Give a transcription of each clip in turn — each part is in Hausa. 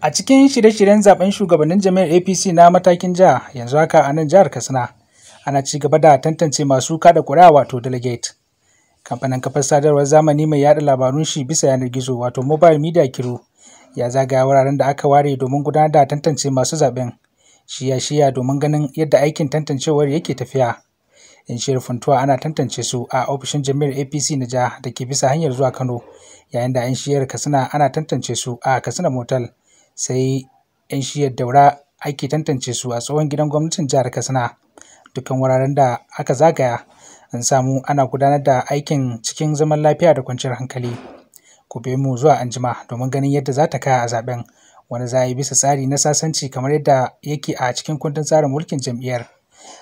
A cikin shirye-shiryen zaben shugabannin jami'ar APC na matakin jiha yanzu haka a nan jihar Katsina ana ci gaba da tantance masu kada kuri'a wato delegate. Kamfanin kafar sadarwar zamani mai yada labarun shi bisa yanar gizo wato mobile media kiro ya zagaya wuraren da aka ware domin gudanar da tantance masu zaben shiya-shiya domin ganin yadda aikin tantancewar yake tafiya. In funtuwa ana tantance su a ofishin jami'ar APC na jiha da ke bisa hanyar zuwa Kano yayin da 'yan shiyar Katsina ana tantance su a Katsina Motal. sai 'yan shiyar daura ake tantance su a tsohon gidan gwamnatin jihar katsina dukkan wuraren da aka zagaya an samu ana gudanar da aikin cikin zaman lafiya da kwanciyar hankali ku bi mu zuwa anjima domin ganin yadda za ta kaya a zaben wani za yi bisa tsari na sasanci kamar yadda yake a cikin kundin tsarin mulkin jam'iyyar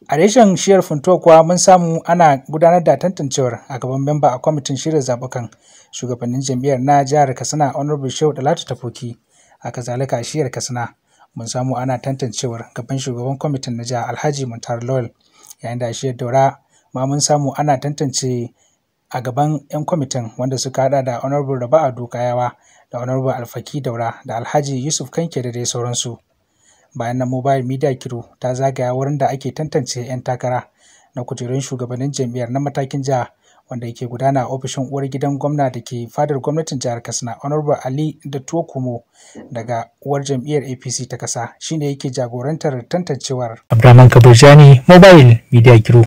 a reshen shiyar funtuwa kuwa mun samu ana gudanar da tantancewar a gaban memba a kwamitin shirin zabukan shugabannin jam'iyyar na jihar katsina honorable shehu dalatu tafoki haka zalika shiyar katsina mun samu ana tantancewar gaban shugaban kwamitin na jiha alhaji muntar lawal yayin da shiyar daura ma mun samu ana tantance a gaban 'yan kwamitin wanda suka hada da honorable raba'a Yawa da honorable alfaki daura da alhaji yusuf kanke da dai sauransu bayan nan mobile media kiro ta zagaya wurin da ake tantance 'yan takara na kujerun shugabannin jam'iyyar na matakin jiha wanda yake gudana a ofishin uwar gidan gwamna da ke fadar gwamnatin jihar katsina honorable ali da tuwakumo daga uwar jam'iyyar apc ta kasa shine yake jagorantar tantancewar abdulrahman kabirjani mobile media group